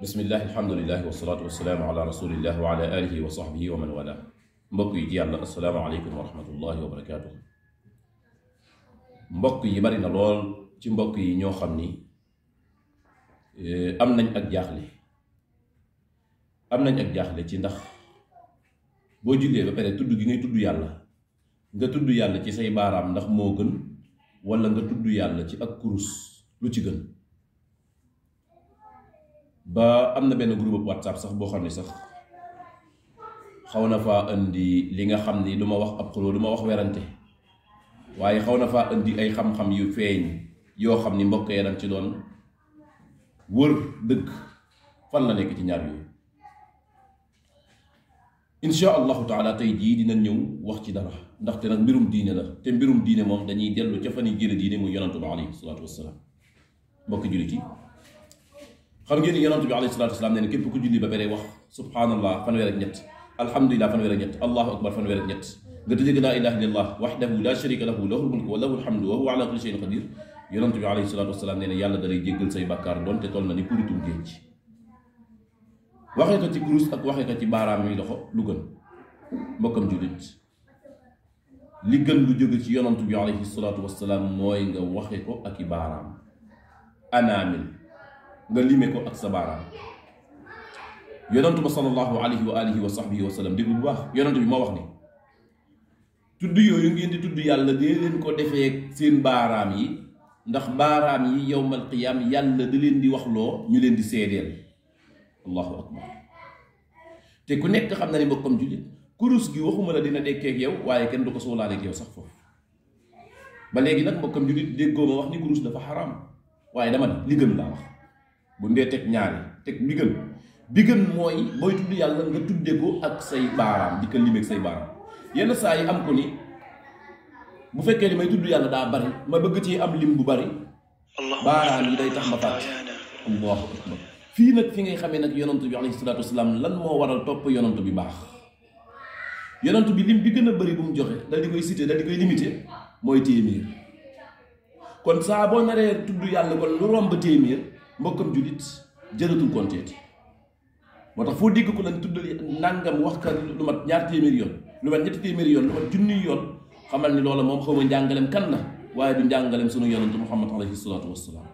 بسم الله الحمد لله والصلاة والسلام على رسول الله وعلى آله وصحبه ومن والاه مبقى يدي السلام عليكم ورحمة الله وبركاته مبقى يمر نلول مبقى ينو خمني أمنا أجاخلي أمنا أجاخلي تندخ بو جوغي بابا تودو غي تودو يالا nga tudd yalla ci say baram ndax mo gën wala nga tudd yalla ci ak kurus lu ci gën ba am na benn groupe whatsapp sax boo xam ne sax xaw na faa indi li nga xam ni lu ma wax ab xuloo du ma wax werante waaye xaw na faa indi ay xam-xam yu feeñ yoo xam ni mbokk yaram ci doon wër dëkk fan la lekk ci ñaar yooyu insha allahu taala tey jii dina ñëw wax ci dara ndaxte nag mbirum diine la te mbirum diine moom dañuy dellu ca fan yi jële diine muy yonantu ba alayhi salaatu wassalaam mbokk jullit yi xam ngeen yonent bi alayhi salatu wasalaam nee na képp ku julli ba bere wax subhanallah fanweer ak ñett alhamdulillah fanweer ak ñett allahu akbar fanweer ak ñett nga tëjëg laa ilaha illallah wahdahu la sharika lahu lahu lmulku wa lahu alhamdu wa huwa ala kulli shay'in qadir yonent bi alayhi salatu wasalaam nee na yàlla dalay jéggal say bàkkaar doon te toll na ni puritum géej waxee ko ci kurus ak waxee ko ci baaraam yi loxo lu gën mbokkam julit li gën lu jóge ci yonent bi alayhi salatu wasalaam mooy nga waxe ko ak i baaraam nga limee ko ak sa baaraam yonentu ba sallallahu alayhi wa alihi wa sahbihi wa sallam déglu bu baax yonentu bi moo wax ni tudd yooyu ngeen di tudd yàlla dee leen ko defee seen baaraam yi ndax baaraam yi yowmal qiyaam yàlla da leen di waxloo ñu leen di seedeel allahu akbar te ku nekk xam na ne mbokkam jullit kurus gi waxuma la dina dekkee ak yow waaye kenn du ko soolaale ak yow sax foofu ba léegi nag mbokkam jullit déggoo ma wax ni kurus dafa xaraam waaye dama li gën laa wax bu dee teg ñaari teg bi gën bi gën mooy booy tudd yàlla nga tuddee ko ak say baaraam di ko limeeg say baaraam yenn saa yi am ko ni bu fekkee ni may tudd yàlla daa bari ma bëgg ci am lim bu bari baaraam yi day tax ma fàtte allahu akbar nag fi ngay xamee nag yonantu bi alayhi salaatu wasalaam lan moo waral topp yonantu bi baax yonantu bi lim bi gën a bari bu mu joxe dal di koy cité dal di koy limité mooy téeméer kon saa boo naree tudd yàlla kon lu romb téeméer mbokkam julit jëratul konteeti moo tax foo dégg ko lan tuddal nangam wax ka lu mat ñaar téeméeri yoon lu mat ñetti téeméeri yoon lu mat junni yoon xamal ni loola moom xaw ma kan la waaye du njàngalem sunu yonante muhammad alayhi salatu wasalaam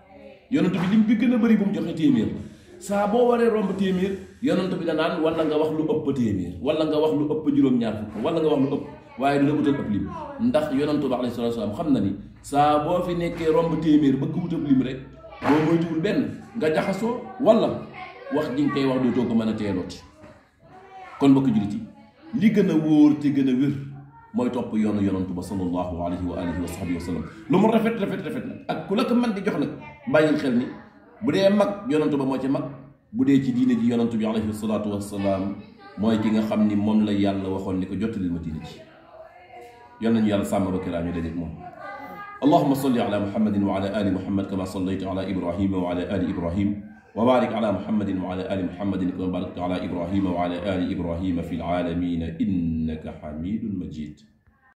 yonante bi lim bi gën a bëri bu mu joxe téeméer saa boo waree romb téeméer yonante bi da naan wala nga wax lu ëpp téeméer wala nga wax lu ëpp juróom-ñaar fukk wala nga wax lu ëpp waaye dina wutal ab lim ndax yonante alayhi salatu wasalaam xam ni saa boo fi nekkee romb téeméer bëgg wutal lim rek boo moytuwul benn nga jaxasoo walla wax ji nga koy wax dootoo ko mën a teelooti kon mbokk jullit yi li gën a wóor te gën a wér mooy topp yoonu yonantu ba sallallahu alayhi wa alihi wa sahbihi wa sallam lu mu rafet rafet rafet ak ku la ko mën di jox nag bàyyil xel ni bu dee mag yonantu ba moo ci mag bu dee ci diine ji yonantu bi alayhi salaatu wasalaam mooy ki nga xam ni moom la yàlla waxoon ni ko jottali ma diine ji yon nañu yàlla sàmm ba kiraam ñu dajeeg moom اللهم صل على محمد وعلى آل محمد كما صليت على إبراهيم وعلى آل إبراهيم وبارك على محمد وعلى آل محمد كما باركت على إبراهيم وعلى آل إبراهيم في العالمين إنك حميد مجيد